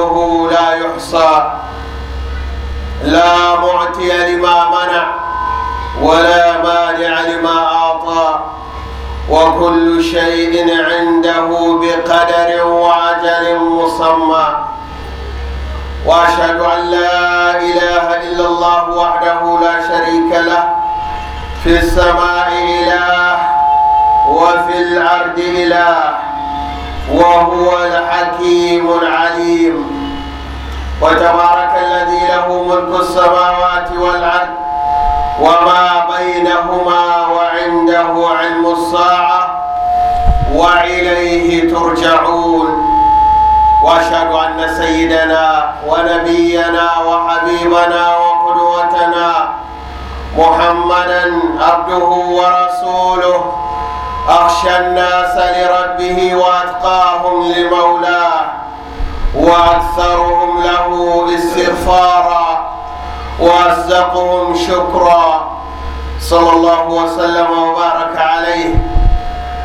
فضله لا يحصى لا معطي لما منع ولا مانع لما أعطى وكل شيء عنده بقدر وعجل مسمى وأشهد أن لا إله إلا الله وحده لا شريك له في السماء إله وفي الأرض إله وهو الحكيم العليم وتبارك الذي له ملك السماوات والأرض وما بينهما وعنده علم الساعة وإليه ترجعون وأشهد أن سيدنا ونبينا وحبيبنا وقدوتنا محمدا عبده ورسوله أخشى الناس لربه وأتقاهم لمولاه وأكثرهم له استغفارا وأصدقهم شكرا صلى الله وسلم وبارك عليه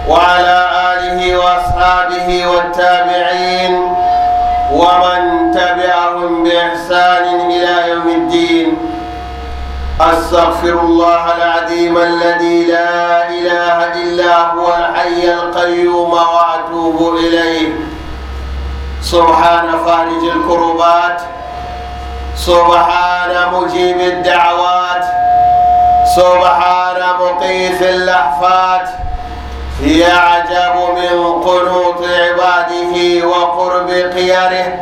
وعلى آله وأصحابه والتابعين ومن أستغفر الله العظيم الذي لا إله إلا هو الحي القيوم وأتوب إليه سبحان فارج الكربات سبحان مجيب الدعوات سبحان مقيس اللحفات يعجب من قنوط عباده وقرب خياره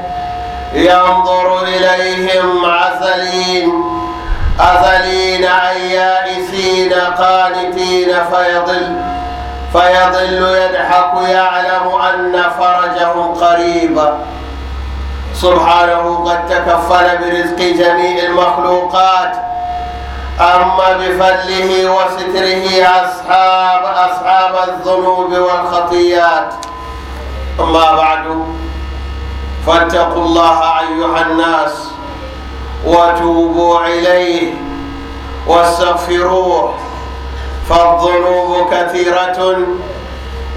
ينظر إليهم عسلين أذلين عن يائسين قانتين فيضل فيضل يضحك يعلم أن فرجه قريب سبحانه قد تكفل برزق جميع المخلوقات أما بفضله وستره أصحاب أصحاب الذنوب والخطيات أما بعد فاتقوا الله أيها الناس وتوبوا إليه واستغفروه فالذنوب كثيرة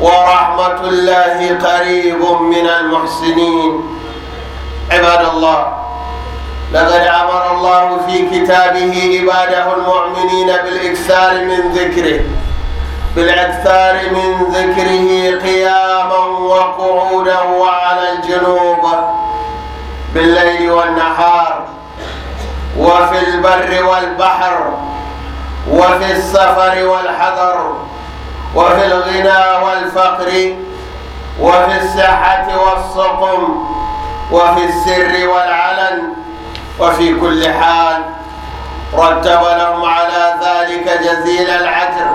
ورحمة الله قريب من المحسنين عباد الله لقد أمر الله في كتابه عباده المؤمنين بالإكثار من ذكره بالأكثار من ذكره قياما وقعودا وعلى الجنوب بالليل والنهار وفي البر والبحر وفي السفر والحضر وفي الغنى والفقر وفي الصحة والسقم وفي السر والعلن وفي كل حال رتب لهم على ذلك جزيل العجر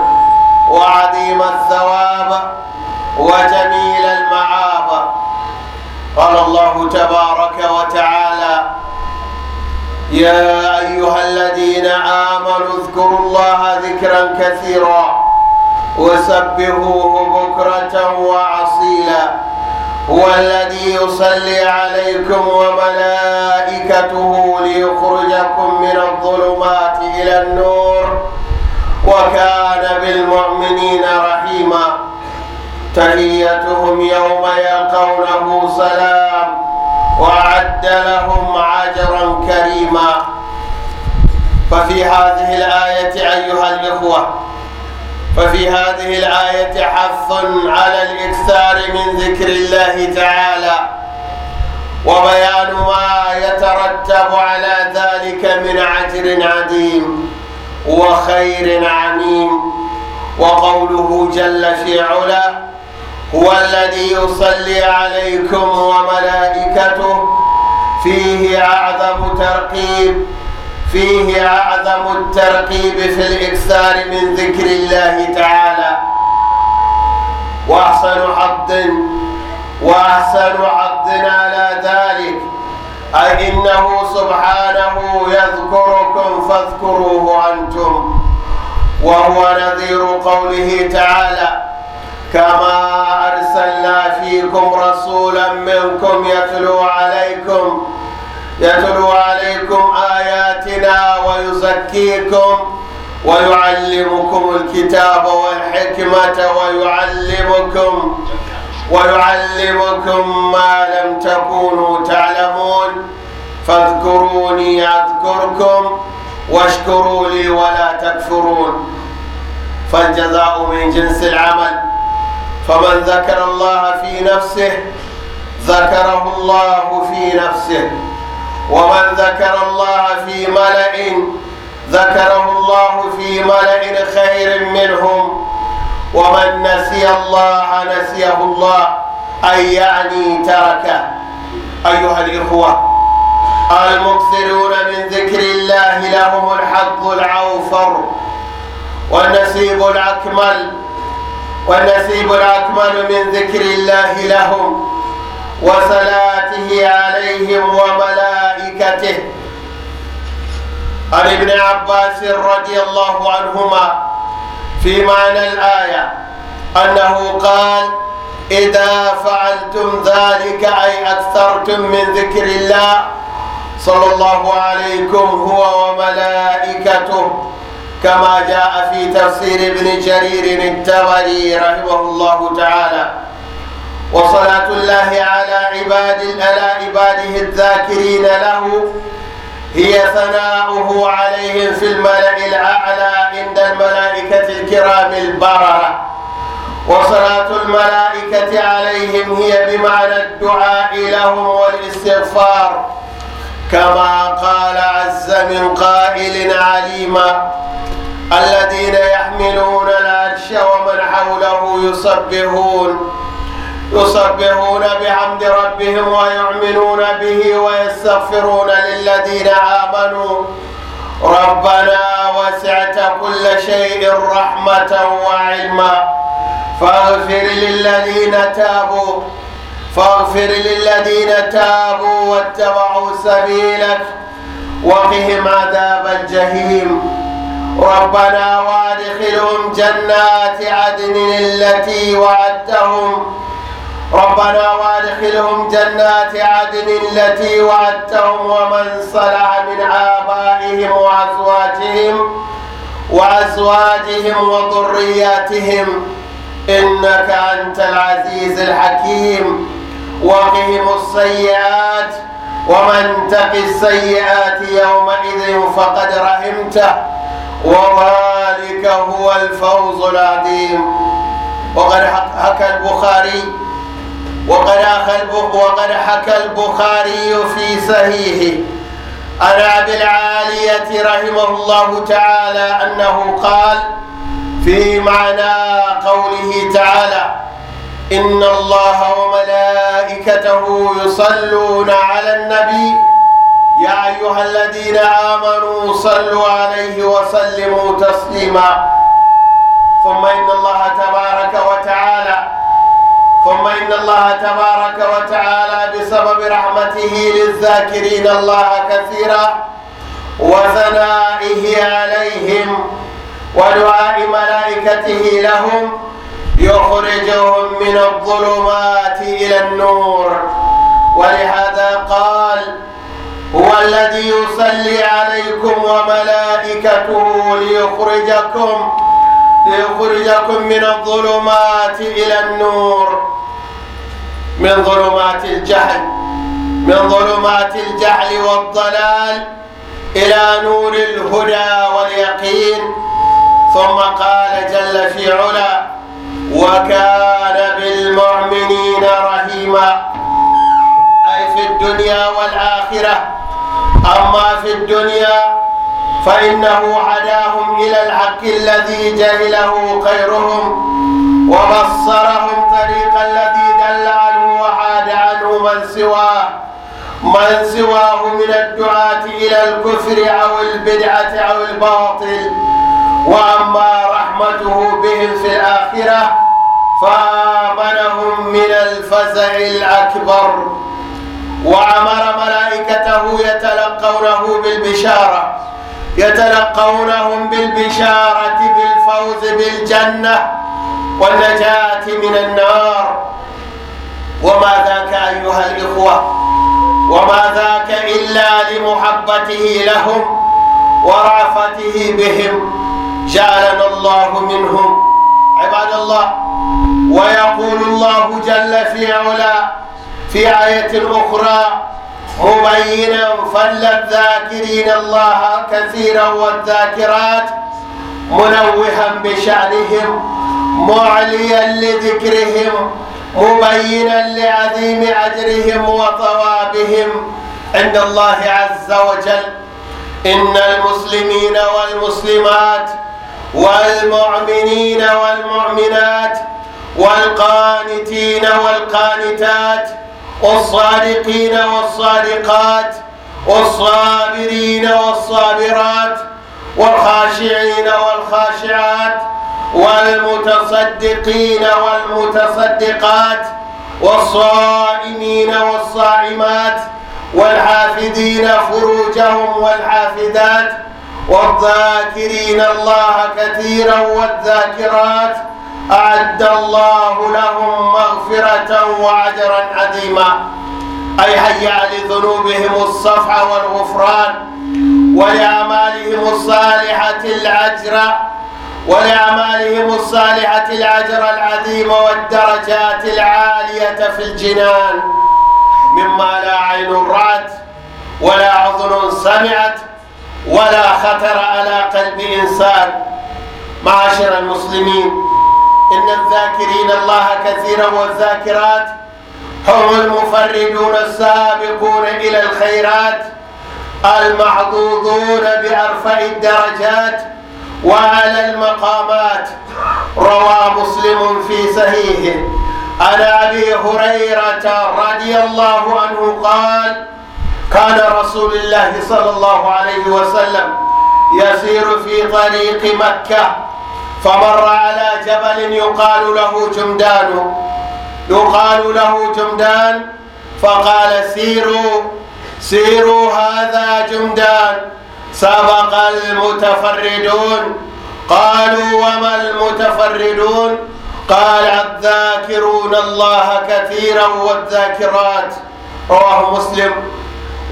وعظيم الثواب وجميل المعاب قال الله تبارك وتعالى يا أيها الذين آمنوا اذكروا الله ذكرا كثيرا وسبحوه بكرة وعصيلا هو الذي يصلي عليكم وملائكته ليخرجكم من الظلمات إلى النور وكان بالمؤمنين رحيما تحيتهم يوم يلقونه سلام وأعد لهم أجرا كريما ففي هذه الآية أيها الإخوة ففي هذه الآية حث على الإكثار من ذكر الله تعالى وبيان ما يترتب على ذلك من عجر عديم وخير عميم وقوله جل في علاه هو الذي يصلي عليكم وملائكته فيه أعظم ترقيب فيه أعظم الترقيب في الإكثار من ذكر الله تعالى وأحسن حظ وأحسن حظ على ذلك أي إنه سبحانه يذكركم فاذكروه أنتم وهو نظير قوله تعالى كما أرسلنا فيكم رسولا منكم يتلو عليكم يتلو عليكم آياتنا ويزكيكم ويعلمكم الكتاب والحكمة ويعلمكم ويعلمكم ما لم تكونوا تعلمون فاذكروني أذكركم واشكروا لي ولا تكفرون فالجزاء من جنس العمل فمن ذكر الله في نفسه ذكره الله في نفسه ومن ذكر الله في ملأ ذكره الله في ملأ خير منهم ومن نسي الله نسيه الله أي يعني تركه أيها الإخوة المكثرون من ذكر الله لهم الحظ العوفر والنسيب الأكمل والنسيب الأكمل من ذكر الله لهم وصلاته عليهم وملائكته عن ابن عباس رضي الله عنهما في معنى الآية أنه قال إذا فعلتم ذلك أي أكثرتم من ذكر الله صلى الله عليكم هو وملائكته كما جاء في تفسير ابن جرير التبري رحمه الله تعالى وصلاة الله على عباد على عباده الذاكرين له هي ثناؤه عليهم في الملأ الأعلى عند الملائكة الكرام البررة وصلاة الملائكة عليهم هي بمعنى الدعاء لهم والاستغفار كما قال عز من قائل عليما الذين يحملون العرش ومن حوله يصبحون يصبحون بحمد ربهم ويؤمنون به ويستغفرون للذين آمنوا ربنا وسعت كل شيء رحمة وعلما فاغفر للذين تابوا فاغفر للذين تابوا واتبعوا سبيلك وقهم عذاب الجحيم ربنا وادخلهم جنات عدن التي وعدتهم ربنا وادخلهم جنات عدن التي وعدتهم ومن صلح من آبائهم وأزواجهم وأزواجهم وذرياتهم إنك أنت العزيز الحكيم وقهم السيئات ومن تق السيئات يومئذ فقد رحمته وذلك هو الفوز العظيم وقد حكى البخاري وقد وقد حكى البخاري في صحيحه عن ابي العاليه رحمه الله تعالى انه قال في معنى قوله تعالى إن الله وملائكته يصلون على النبي يا أيها الذين آمنوا صلوا عليه وسلموا تسليما ثم إن الله تبارك وتعالى ثم إن الله تبارك وتعالى بسبب رحمته للذاكرين الله كثيرا وثنائه عليهم ودعاء ملائكته لهم يخرجهم من الظلمات إلى النور ولهذا قال هو الذي يصلي عليكم وملائكته ليخرجكم ليخرجكم من الظلمات إلى النور من ظلمات الجهل من ظلمات الجهل والضلال إلى نور الهدى واليقين ثم قال جل في علا وكان بالمؤمنين رحيما أي في الدنيا والآخرة أما في الدنيا فإنه عداهم إلى الحق الذي جهله خيرهم وبصرهم طريق الذي دل عنه وعاد عنه من سواه من سواه من الدعاة إلى الكفر أو البدعة أو الباطل وأما رحمته بهم في الآخرة فآمنهم من الفزع الأكبر وأمر ملائكته يتلقونه بالبشارة يتلقونهم بالبشارة بالفوز بالجنة والنجاة من النار وما ذاك أيها الإخوة وما ذاك إلا لمحبته لهم ورأفته بهم جعلنا الله منهم عباد الله ويقول الله جل في علا في آية أخرى مبينا فللذاكرين الله كثيرا والذاكرات منوها بشأنهم معليا لذكرهم مبينا لعظيم أجرهم وطوابهم عند الله عز وجل إن المسلمين والمسلمات والمؤمنين والمؤمنات والقانتين والقانتات والصادقين والصادقات والصابرين والصابرات والخاشعين والخاشعات والمتصدقين والمتصدقات والصائمين والصائمات والحافدين فروجهم والحافدات والذاكرين الله كثيرا والذاكرات أعد الله لهم مغفرة وعجرا عظيما أي هيا لذنوبهم الصفح والغفران ولأعمالهم الصالحة العجر ولأعمالهم الصالحة العجر العظيم والدرجات العالية في الجنان مما لا عين رأت ولا أذن سمعت ولا خطر على قلب إنسان معاشر المسلمين إن الذاكرين الله كثيرا والذاكرات هم المفردون السابقون إلى الخيرات المحظوظون بأرفع الدرجات وعلى المقامات روى مسلم في صحيحه عن أبي هريرة رضي الله عنه قال كان رسول الله صلى الله عليه وسلم يسير في طريق مكة فمر على جبل يقال له جمدان يقال له جمدان فقال سيروا سيروا هذا جمدان سبق المتفردون قالوا وما المتفردون قال الذاكرون الله كثيرا والذاكرات رواه مسلم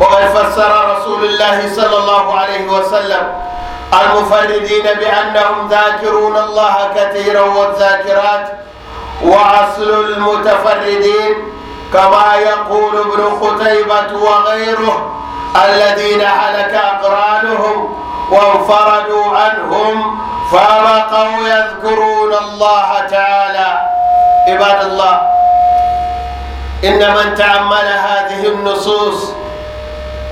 وقد فسر رسول الله صلى الله عليه وسلم المفردين بأنهم ذاكرون الله كثيرا والذاكرات وأصل المتفردين كما يقول ابن ختيبة وغيره الذين هلك أقرانهم وانفردوا عنهم فبقوا يذكرون الله تعالى عباد الله إن من تعمل هذه النصوص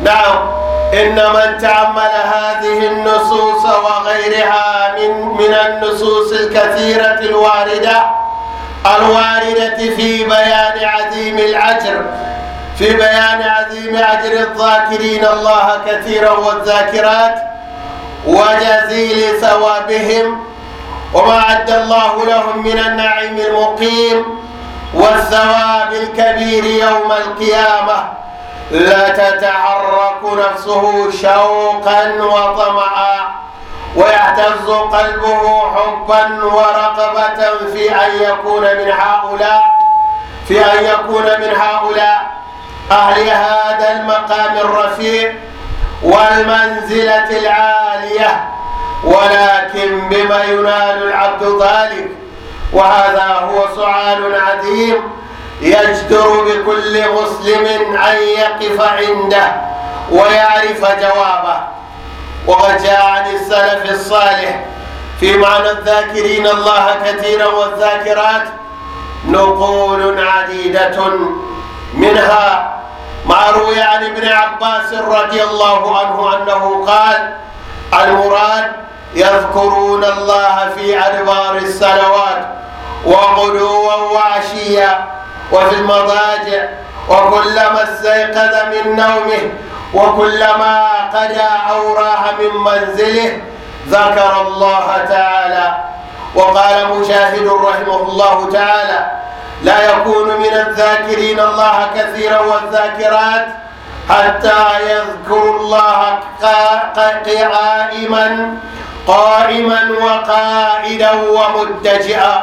نعم إن من تأمل هذه النصوص وغيرها من من النصوص الكثيرة الواردة الواردة في بيان عظيم الأجر في بيان عظيم أجر الذاكرين الله كثيرا والذاكرات وجزيل ثوابهم وما أعد الله لهم من النعيم المقيم والثواب الكبير يوم القيامة لا تتعرق نفسه شوقا وطمعا ويعتز قلبه حبا ورغبة في أن يكون من هؤلاء في أن يكون من هؤلاء أهل هذا المقام الرفيع والمنزلة العالية ولكن بما ينال العبد ذلك وهذا هو سعال عظيم يجدر بكل مسلم أن يقف عنده ويعرف جوابه وقد جاء عن السلف الصالح في معنى الذاكرين الله كثيرا والذاكرات نقول عديدة منها ما روي عن ابن عباس رضي الله عنه أنه قال المراد يذكرون الله في أدبار السنوات وغدوا وعشيا وفي المضاجع وكلما استيقظ من نومه وكلما قدى أو راح من منزله ذكر الله تعالى وقال مشاهد رحمه الله تعالى لا يكون من الذاكرين الله كثيرا والذاكرات حتى يذكر الله قائما قائما وقائدا ومتجئا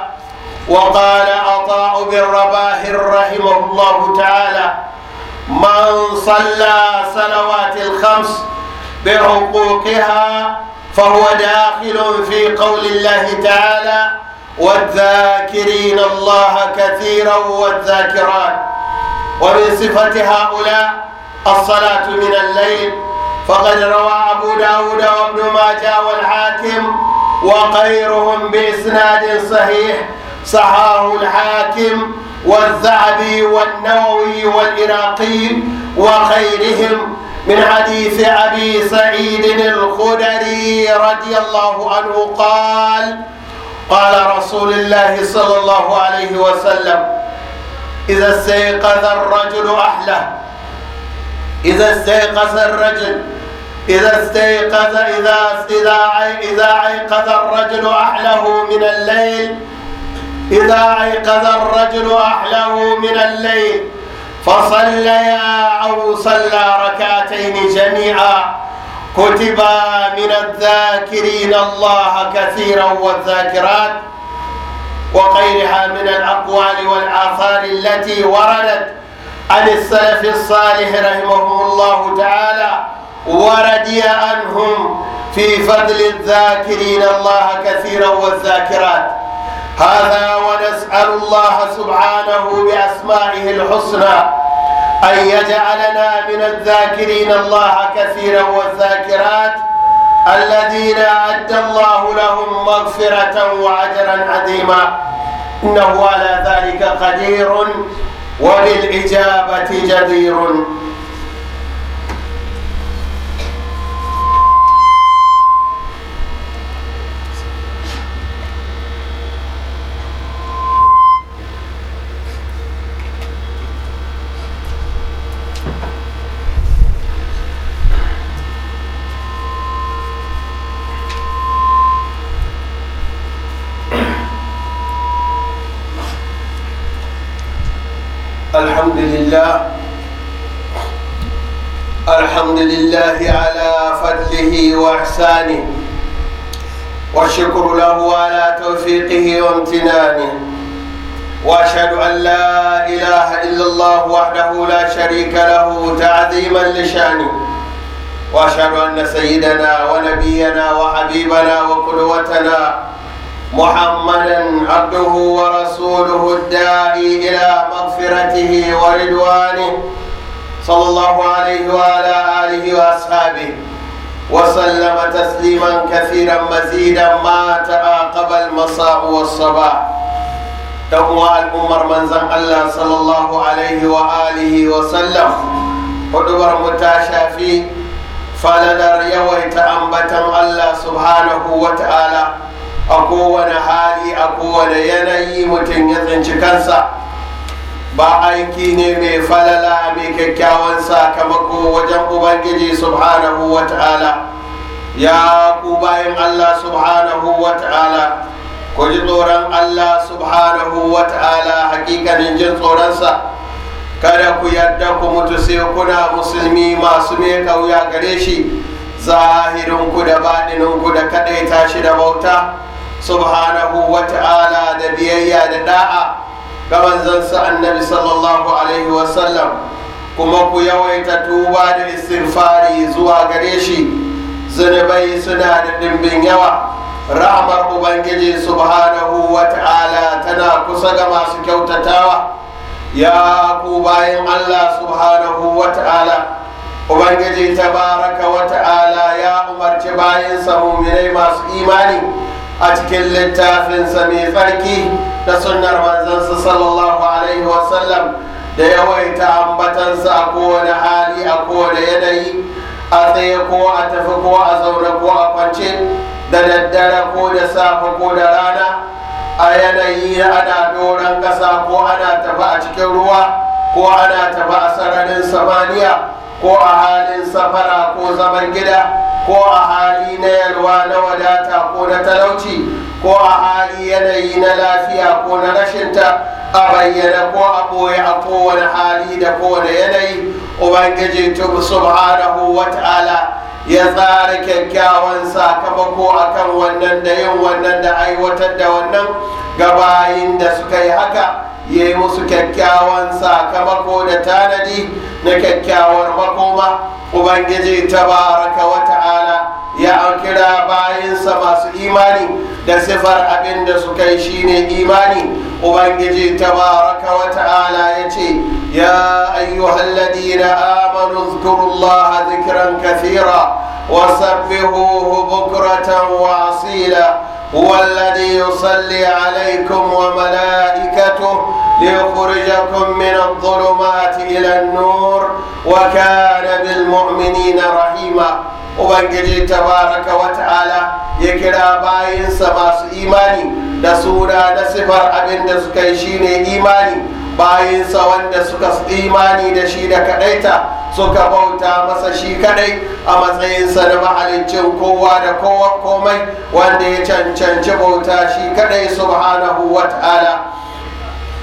وقال عطاء بن رباح رحمه الله تعالى من صلى صلوات الخمس بحقوقها فهو داخل في قول الله تعالى والذاكرين الله كثيرا والذاكرات ومن صفة هؤلاء الصلاة من الليل فقد روى أبو داود وابن ماجه والحاكم وغيرهم بإسناد صحيح صحاه الحاكم والذهبي والنووي والعراقي وغيرهم من حديث أبي سعيد الخدري رضي الله عنه قال قال رسول الله صلى الله عليه وسلم إذا استيقظ الرجل أهله إذا استيقظ الرجل إذا استيقظ إذا إذا إذا أيقظ الرجل أحله من الليل إذا أيقظ الرجل أحله من الليل فصليا أو صلى ركعتين جميعا كتب من الذاكرين الله كثيرا والذاكرات وغيرها من الأقوال والآثار التي وردت عن السلف الصالح رحمهم الله تعالى ورضي عنهم في فضل الذاكرين الله كثيرا والذاكرات هذا ونسأل الله سبحانه بأسمائه الحسنى أن يجعلنا من الذاكرين الله كثيرا والذاكرات الذين أدى الله لهم مغفرة وعجرا عظيما إنه على ذلك قدير وللإجابة جدير الحمد لله الحمد لله على فضله وإحسانه والشكر له على توفيقه وامتنانه وأشهد أن لا إله إلا الله وحده لا شريك له تعظيما لشانه وأشهد أن سيدنا ونبينا وحبيبنا وقدوتنا محمدا عبده ورسوله الداعي إلى مغفرته ورضوانه صلى الله عليه وعلى آله وأصحابه وسلم تسليما كثيرا مزيدا ما تعاقب المساء والصباح تقوى الأمر من زم الله صلى الله عليه وآله وسلم متاشا متاشافي فلدر يويت أنبتا الله سبحانه وتعالى a kowane hali a kowane yanayi mutum ya tsinci kansa ba aiki ne mai falala mai kyakkyawan sakamako wajen ubangiji subhanahu wa ta'ala ya ku bayan allah subhanahu wa ta'ala ku ji tsoron allah subhanahu wa ta'ala hakikanin jin tsoronsa kada ku yadda ku mutu sai kuna musulmi masu mai kauya gare shi zahirinku da baɗininku da kaɗaita shi da bauta subhanahu wa ta'ala da biyayya da da'a ga manzansa annabi sallallahu alaihi wasallam kuma ku yawaita tuba da istighfari zuwa gare shi zunubai suna da dimbin yawa rahmar ubangiji subhanahu wa ta'ala tana kusa ga masu kyautatawa ya ku bayan allah subhanahu wa ta'ala ubangiji tabaraka wa ta'ala ya umarci bayan muminai masu imani a cikin littafinsa mai tsarki da sunnar manzansa sallallahu alaihi wasallam da yawaita ambatansa a kowane hali a kowane yanayi a tsaye ko a tafi ko a zaune ko a kwance da daddare ko da safe ko da rana a yanayi na ana doron ƙasa ko ana tafi a cikin ruwa ko ana tafi a sararin samaniya ko a halin safara ko zaman gida ko a hali na yalwa na wadata ko na talauci ko a hali yanayi na lafiya ko na rashinta a bayyana ko a ɓoye a kowane hali da kowane yanayi ubangiji tubu subhanahu wa ta'ala ya tsara kyakkyawan sakamako akan wannan da yin wannan da aiwatar da wannan gabayin da suka yi haka ya yi musu kyakkyawan sakamako da tanadi na kyakkyawar makoma ubangiji tabaraka wa ta'ala ya kira bayansa masu imani da sifar abin da suka yi shine imani ubangiji tabaraka wa ta'ala ya ce ya ayyuhal ladina amanu zkurullaha zikran kathira wasabbihuhu bukratan wa asila هو الذي يصلي عليكم وملائكته ليخرجكم من الظلمات إلى النور وكان بالمؤمنين رحيما وبنجي تبارك وتعالى يكرا باين سماس إيماني دسورة دسفر أبن دسكيشين إيماني bayinsa wanda suka imani da shi da kadaita suka bauta masa shi kadai a matsayinsa da mahalicin kowa da kowa komai wanda ya cancanci bauta shi kadai subhanahu wa ta'ala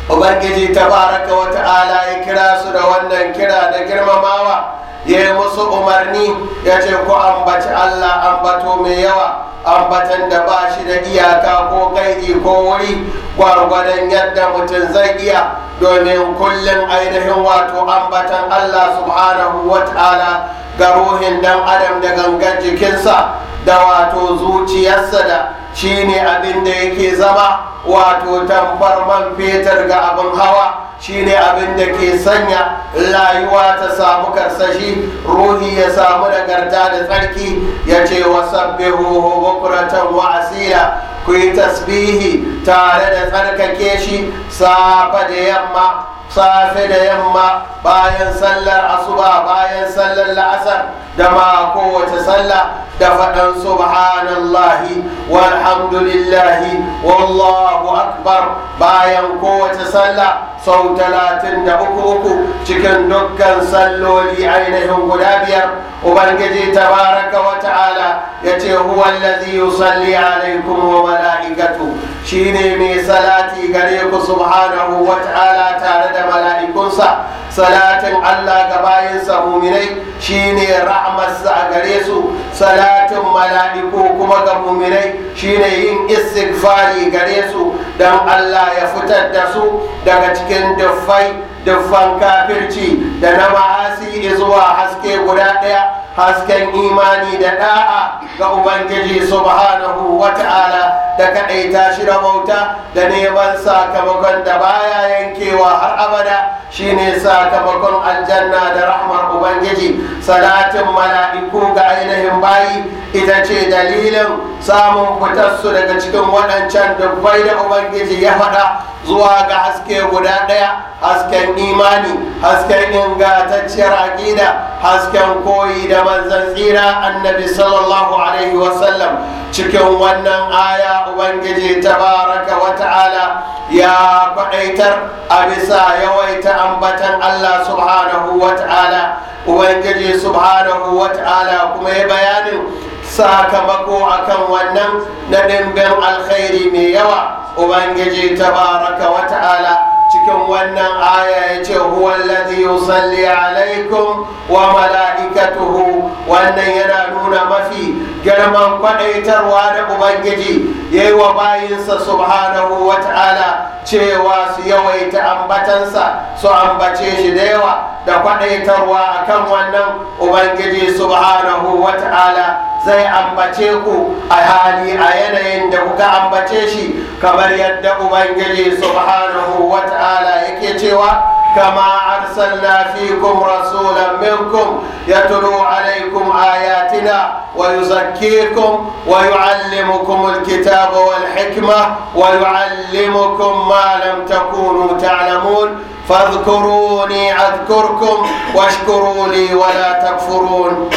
ubangiji tabaraka wa ta'ala ya kira su da wannan kira da girmamawa ya musu umarni ya ce ku ambaci Allah ambato mai yawa ambatan da ba shi da iyaka ko kaidi ko wuri gwargwadon yadda mutum zai iya domin kullum ainihin wato ambatan Allah subhanahu wa ta'ala ga dan adam da gangar jikinsa da wato zuciyarsa da shine abin da yake zama wato tamfar man fetur ga abin hawa shine abin da ke sanya rayuwa ta samu karsashi ruhi ya samu nagarta da tsarki ya ce wa sabbihu bukratan wa asila ku yi tasbihi tare da tsarkake shi safa da yamma safe da yamma bayan sallar asuba bayan sallar la'asar da ma kowace sallah da faɗan subhanallahi walhamdulillahi wallahu akbar bayan kowace sallah sau talatin da uku uku cikin dukkan salloli ainihin guda biyar ubangiji tabaraka wa ta'ala ya ce huwa allazi yusalli alaikum wa mala'ikatu shine mai salati gare ku subhanahu wa ta'ala tare da mala'ikunsa salatin Allah ga bayinsa muminai shine rahmarsa a gare su salatin mala'iku kuma ga muminai shine yin istighfari gare su dan Allah ya fitar da su daga cikin hasken duffai duffan kafirci da na ma'asi zuwa haske guda ɗaya hasken imani da da'a ga ubangiji subhanahu wata'ala da kaɗaita shi da bauta da neman sakamakon da baya yankewa har abada shine sakamakon aljanna da rahmar ubangiji salatin mala'iku ga ainihin bayi ita ce dalilin samun fitarsu daga cikin waɗancan dubbai da ubangiji ya faɗa zuwa ga haske guda ɗaya hasken imani hasken ingantacciyar aƙida hasken koyi da da manzan tsira annabi sallallahu alaihi wasallam cikin wannan aya ubangiji tabaraka wa ta'ala ya kwadaitar a bisa yawaita ambatan allah subhanahu wa ta'ala ubangiji subhanahu wa ta'ala kuma ya bayanin sakamako akan wannan na dimbin alkhairi mai yawa ubangiji tabaraka wa ta'ala cikin wannan aya ya ce huwallazi yusalli alaikum wa mala'ikatuhu wannan yana nuna mafi girman kwadaitarwa da ubangiji ya yi wa bayinsa subhanahu wa ta'ala cewa su yawaita ambatansa su ambace shi da yawa da kwadaitarwa a kan wannan ubangiji subhanahu wa ta'ala zai ambace ku a hali a yanayin da kuka ambace shi kamar yadda ubangiji subhanahu wa ta'ala yake cewa كما أرسلنا فيكم رسولا منكم يتلو عليكم آياتنا ويزكي يزكيكم ويعلمكم الكتاب والحكمة ويعلمكم ما لم تكونوا تعلمون فاذكروني أذكركم واشكروا لي ولا تكفرون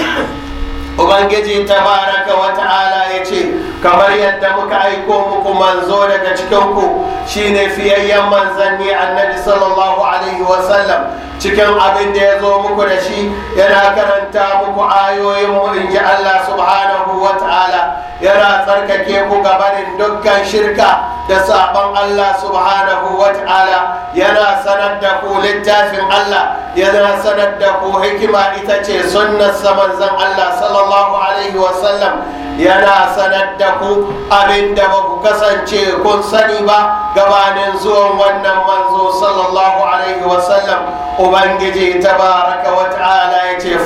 وبنجي تبارك وتعالى يتي kamar yadda muka aiko muku manzo daga cikinku shine fiyayyen manzanni annabi sallallahu alaihi wasallam cikin abin da ya zo muku da shi yana karanta muku ayoyin mu in ji Allah subhanahu wa ta'ala yana tsarkake ku gabanin dukkan shirka da sabon Allah subhanahu wa ta'ala yana sanar da ku littafin Allah yana sanar da ku hikima ita ce sunnar saman zan Allah sallallahu alaihi wa sallam yana sanar da ku abin da ba ku kasance kun sani ba gabanin zuwan wannan manzo sallallahu alaihi wa sallam ubangiji tabaraka wa ta'ala ya ce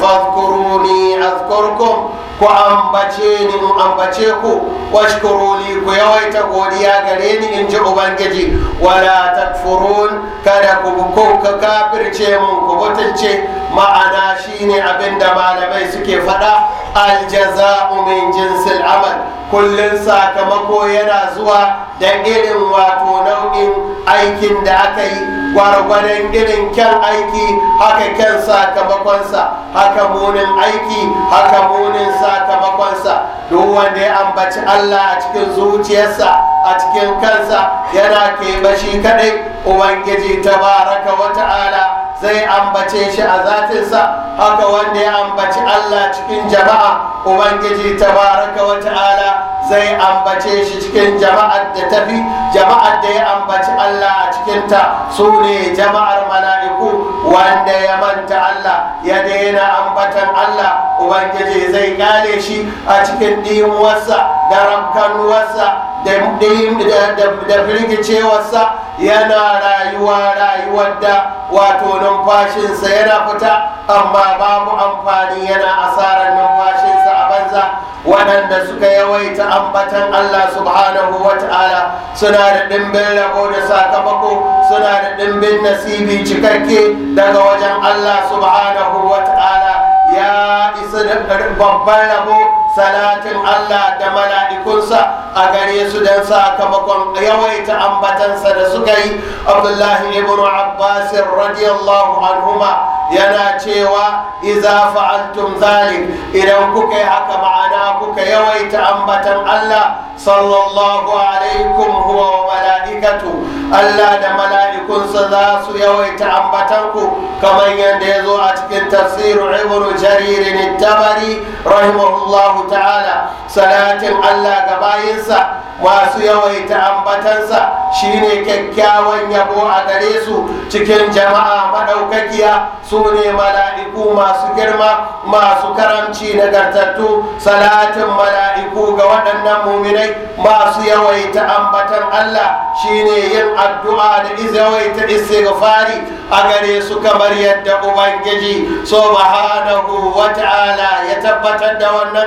azkurkum ku ambace ni in ambace ku washkuru li ku yawaita godiya gare ni in ji ubangiji wala takfurun kada ku ku ka kafirce mun ku butulce ma'ana shine abinda malamai suke faɗa aljaza'u min jinsil amal kullun sakamako yana zuwa da irin wato nau'in aikin da aka yi gwargwadon irin kyan aiki haka kyan sakamakonsa haka munin aiki haka munin sa sakamakonsa duk wanda ya ambaci Allah a cikin zuciyarsa a cikin kansa yana ke bashi kaɗai ubangiji tabaraka wa ta'ala zai ambace shi a zatinsa haka wanda ya ambaci Allah cikin jama'a ubangiji tabaraka wa ta'ala zai ambace shi cikin jama'ar da tafi jama'ar da ya ambaci Allah a cikinta su ne jama'ar mala'iku wanda ya manta Allah ya daina ambatan Allah ubangiji zai kare shi a cikin dimuwarsa da ramkanuwarsa da firgicewarsa yana rayuwa rayuwar da wato numfashinsa yana fita amma babu amfani yana asarar numfashinsa a haza waɗanda suka yawaita ambatan Allah subhanahu wa ta'ala suna da ɗimbin rabo da sakamako suna da ɗimbin nasibi cikakke daga wajen Allah subhanahu wa ta'ala ya isa da babban rabo salatin Allah da mala'ikunsa a gare su don sakamakon yawaita ambatansa da suka yi Abdullahi ibn Abbas radiyallahu anhuma yana cewa iza fa'altum zalik idan kuka yi haka ma'ana kuka yawaita ambatan Allah sallallahu alaikum huwa wa malaikatu Allah da mala'ikunsa za su yawaita ambatan ku kamar yadda ya zo a cikin tafsiru ibn jarir tabari rahimahullahu ta'ala salatin Allah ga bayinsa masu yawaita ambatansa shine kyakkyawan yabo a gare su cikin jama'a madaukakiya su سوني ملائكو ما سكرما ما سكرم شين قرتتو صلاة ملائكو قوانا النمومني ما سيويت أنبتا الله شيني يم الدعاء إذا ويت استغفاري أغري سكمر يدق بانججي سبحانه وتعالى يتبتا دوانا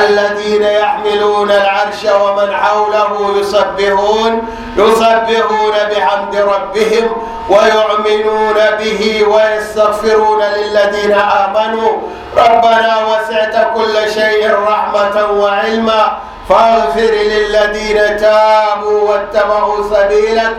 الذين يحملون العرش ومن حوله يسبحون يسبحون بحمد ربهم ويؤمنون به ويستغفرون يبشرون للذين آمنوا ربنا وسعت كل شيء رحمة وعلما فاغفر للذين تابوا واتبعوا سبيلك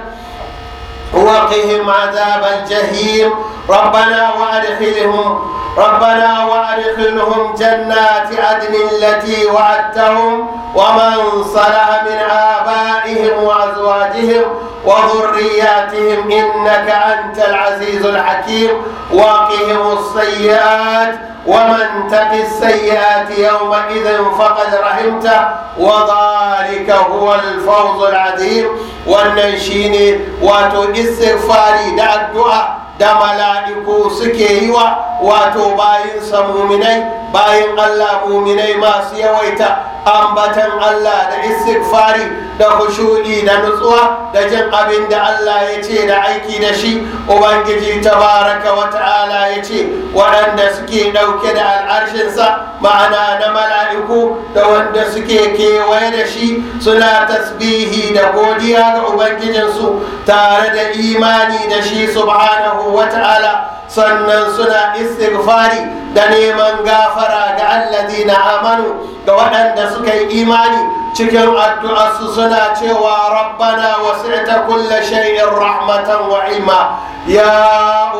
وقهم عذاب الجحيم ربنا وأدخلهم ربنا وأدخلهم جنات عدن التي وعدتهم ومن صلح من آبائهم وأزواجهم وذرياتهم إنك أنت العزيز الحكيم واقهم السيئات ومن تك السيئات يومئذ فقد رحمته وذلك هو الفوز العظيم والنشين واتو استغفاري دع الدعاء دا ملائكو سكي هوا واتو باين سموميني باين الله موميني ما سيويتا أنبتا الله دا استغفاري دا خشولي دا نصوة دا جنقب دا الله يتي دا عيكي وبنجي تبارك وتعالى يتي وعند سكي ɗauke da al'arshinsa ma'ana na mala'iku da wanda suke kewaye da shi suna tasbihi da godiya ga ubangijinsu tare da imani da shi subhanahu wa ta'ala sannan suna istighfari da neman gafara ga alladina amanu ga waɗanda suka yi imani cikin addu'arsu suna cewa rabbana wasi'ta kulla shay'in rahmatan wa ilma ya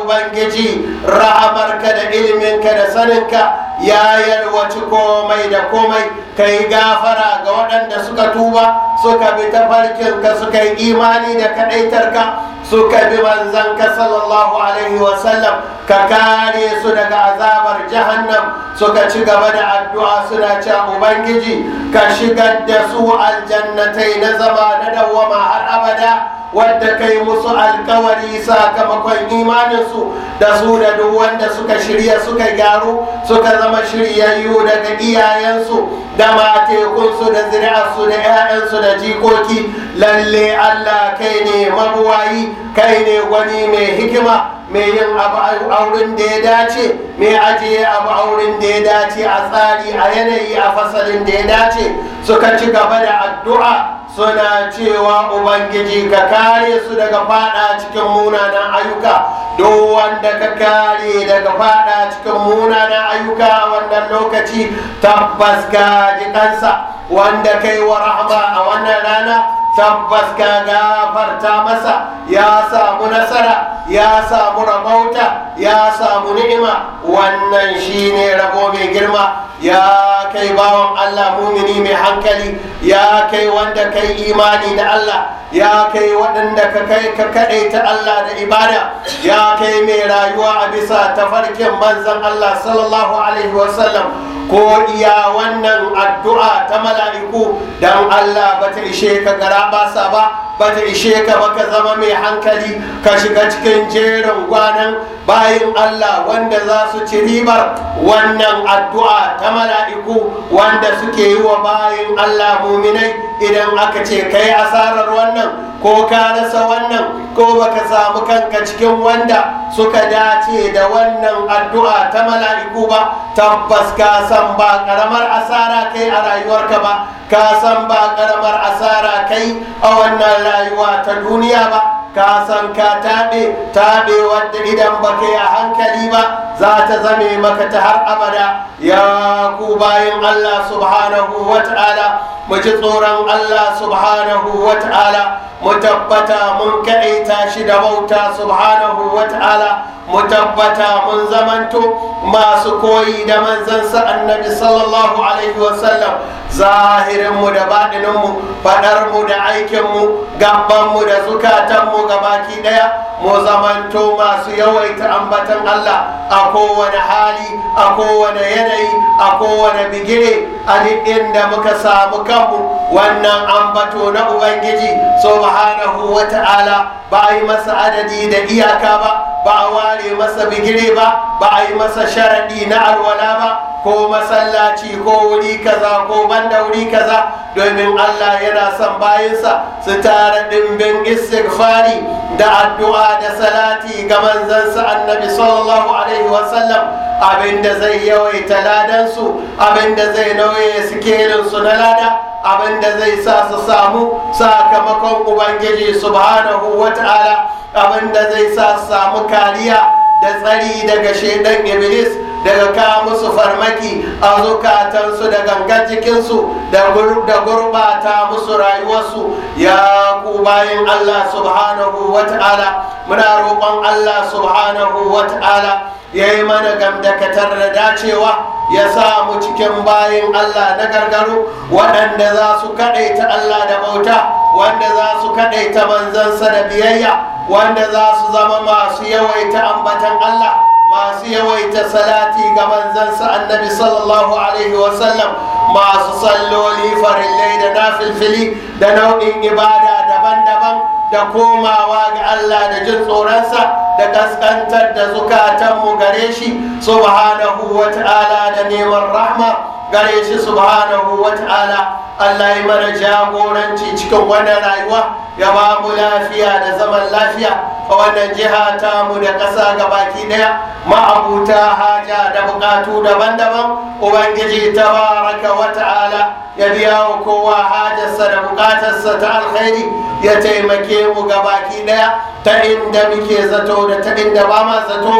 ubangiji rahamarka da ilminka da saninka ya yalwaci komai da komai ka yi gafara ga waɗanda suka tuba suka bi tafarkinka suka yi imani da kaɗaitarka suka bi manzanka sallallahu alaihi wasallam ka kare su daga azabar jahannam suka ci gaba da addu'a suna cewa ubangiji ka shigar da su aljannatai na zama na dawwama har abada wadda kai musu alkawari sakamakon imaninsu da su da duk wanda suka shirya suka gyaru suka zama shiryayyu daga iyayensu da matekunsu da zuri'arsu da 'ya'yansu da jikoki lalle allah kai ne mabuwayi kai ne gwani mai hikima mai yin abu auren da ya dace mai ajiye abu auren da ya dace a tsari a yanayi a fasalin da ya dace suka ci gaba da addu'a suna cewa ubangiji ka kare su daga fada cikin munanan ayyuka duk wanda ka kare daga fada cikin munanan ayyuka a wannan lokaci tabbas ka ji kansa wanda kai wa rahama a wannan rana tabbas ka gafarta masa ya samu nasara ya samu rabauta ya samu ni'ima wannan shine rabo mai girma ya kai bawan Allah mumini mai hankali ya kai wanda kai imani da Allah ya kai waɗanda ka kai ka ta Allah da ibada ya kai mai rayuwa a bisa tafarkin manzon Allah sallallahu alaihi wasallam ko iya wannan addu'a ta mala'iku dan Allah bata ishe ka gara basa ba ba ta ishe ka ba ka zama mai hankali ka shiga cikin jerin gwanan bayan Allah wanda za su ci ribar wannan addu'a ta ta wanda suke yi wa bayan Allah muminai idan aka ce kai asarar wannan ko ka rasa wannan ko baka samu kanka cikin wanda suka dace da wannan addu'a ta mala'iku ba tabbas ka san ba karamar asara kai a rayuwarka ba ka san ba karamar asara kai a wannan rayuwa ta duniya ba ka san ka taɓe taɓe wadda idan baka yi a hankali ba za ta zame maka ta har abada ya ya ku bayan Allah subhanahu wa ta'ala mu ji tsoron Allah subhanahu wa ta'ala mu tabbata mun kaita shi da bauta subhanahu wa ta'ala mu tabbata mun zamanto masu koyi da manzansa annabi sallallahu alaihi wasallam zahirinmu da baɗininmu faɗarmu da aikinmu gabanmu da zukatanmu baki ɗaya mu zamanto masu yawaita ambatan Allah a kowane hali a kowane yanayi a kowane bigire a duk inda muka samu kanmu wannan ambato na Ubangiji subhanahu subhanahu wa ta'ala ba a yi masa adadi da iyaka ba ba a ware masa bigire ba ba a yi masa sharaɗi na alwala ba ko masallaci ko wuri kaza ko banda wuri kaza domin Allah yana son bayansa su tara ɗimbin istighfari da addu'a da salati ga manzansa annabi sallallahu alaihi wasallam abinda zai yawaita ladansu abinda zai nauye su na lada abinda zai sa su samu sakamakon ubangiji subhanahu wata'ala abinda zai sa samu kariya da tsari daga shaidan iblis daga ka musu farmaki a zukatansu da gangan cikinsu da gurbata musu rayuwarsu ya ku bayan Allah subhanahu wa ta'ala muna roƙon Allah subhanahu wa ta'ala ya yi mana gamdakatar da dacewa ya sa mu cikin bayan Allah na gargaro waɗanda za su kaɗaita Allah da bauta wanda za su kaɗaita manzansa da biyayya wanda za su zama masu yawaita ambatan Allah ماسيه ويت صلاتي قبل زنس النبي صلى الله عليه وسلم ما صلوا لي فر الليل نافل فلي دنو ان عبادة دبن دبن دكوما واق الله دجل صورنسا دكسكنت دزكاة مغريشي سبحانه وتعالى دنيم الرحمة gare shi subhanahu wa ta'ala Allah ya mana jagoranci cikin wannan rayuwa ya ba mu lafiya da zaman lafiya a wannan jiha ta mu da ƙasa ga daya ma'abuta haja da bukatu daban-daban ubangiji tabaraka wa ta'ala ya biya wa kowa hajarsa da bukatarsa ta alkhairi ya taimake mu ga baki daya ta inda muke zato da ta inda ba ma zato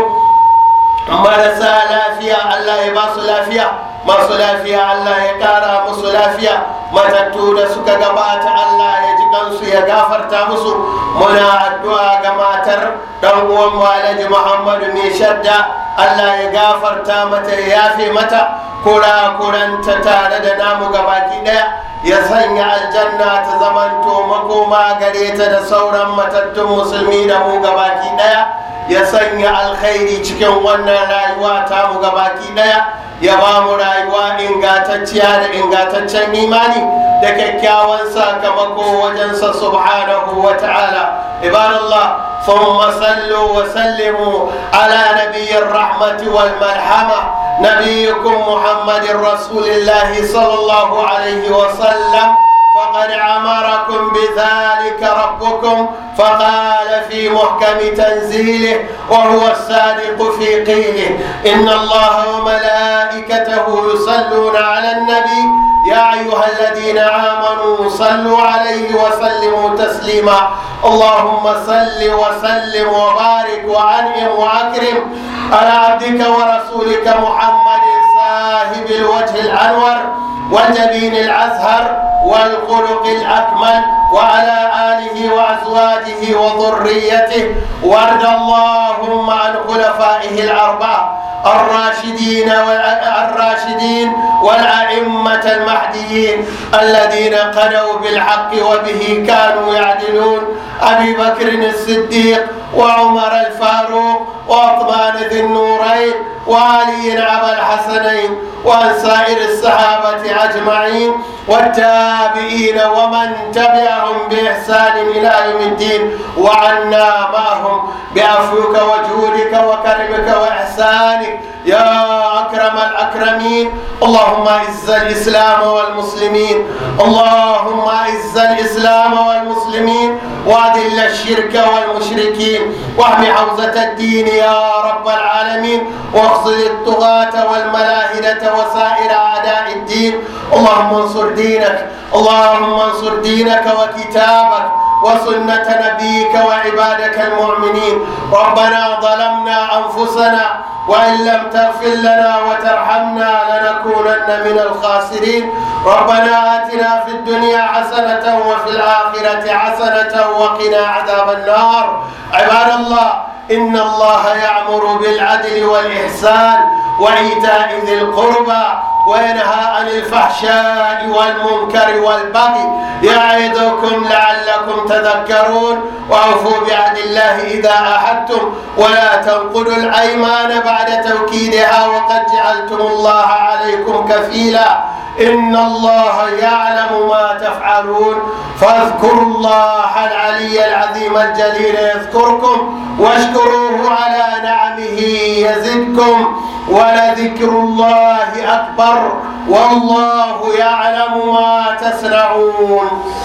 marasa lafiya Allah ya ba su lafiya masu lafiya Allah ya kara musu lafiya matattu da suka gabata Allah ya ji kansu ya gafarta musu muna addu'a ga matar dan uwan Alhaji Muhammadu mai shadda Allah ya gafarta mata ya yafe mata kura-kuranta tare da namu gabaki daya ya sanya aljanna ta zamanto makoma gare ta da sauran matattun musulmi da mu gabaki daya ya sanya alkhairi cikin wannan rayuwa ta mu gabaki daya ya ba mu rayuwa ingantacciya da ingantaccen imani da kyakkyawan sakamako wajensa subhanahu wa ta'ala ibadallah ثم صلوا وسلموا على نبي الرحمة والملحمة نبيكم محمد رسول الله صلى الله عليه وسلم فقد عمركم بذلك ربكم فقال في محكم تنزيله وهو الصادق في قيله إن الله وملائكته يصلون على النبي يا أيها الذين آمنوا صلوا عليه وسلموا تسليما اللهم صل وسلم وبارك وأنعم وأكرم على عبدك ورسولك محمد صاحب الوجه الأنور والجبين الأزهر والخلق الأكمل وعلى آله وأزواجه وذريته وارض اللهم عن خلفائه الأربعة الراشدين الراشدين والأئمة المهديين الذين قنوا بالحق وبه كانوا يعدلون أبي بكر الصديق وعمر الفاروق وعثمان ذي النورين وعلي أبا الحسنين وعن سائر الصحابة أجمعين والتابعين ومن تبعهم بإحسان إلى يوم الدين وعنا معهم بعفوك وجودك وكرمك وإحسانك يا أكرم الأكرمين اللهم أعز الإسلام والمسلمين اللهم أعز الإسلام والمسلمين وأذل الشرك والمشركين واهم حوزة الدين يا رب العالمين واخذل الطغاة والملاهدة وسائر أعداء الدين اللهم انصر دينك اللهم انصر دينك وكتابك وسنة نبيك وعبادك المؤمنين ربنا ظلمنا أنفسنا وإن لم تغفر لنا وترحمنا لنكونن من الخاسرين ربنا آتنا في الدنيا حسنة وفي الآخرة حسنة وقنا عذاب النار عباد الله إن الله يعمر بالعدل والإحسان وإيتاء ذي القربى وينهى عن الفحشاء والمنكر والبغي يعظكم لعلكم تذكرون وأوفوا بعهد الله إذا عاهدتم ولا تنقلوا الأيمان بعد توكيدها وقد جعلتم الله عليكم كفيلا إن الله يعلم ما تفعلون فاذكروا الله العلي العظيم الجليل يذكركم واشكروه على نعمه يزدكم ولذكر الله أكبر والله يعلم ما تسرعون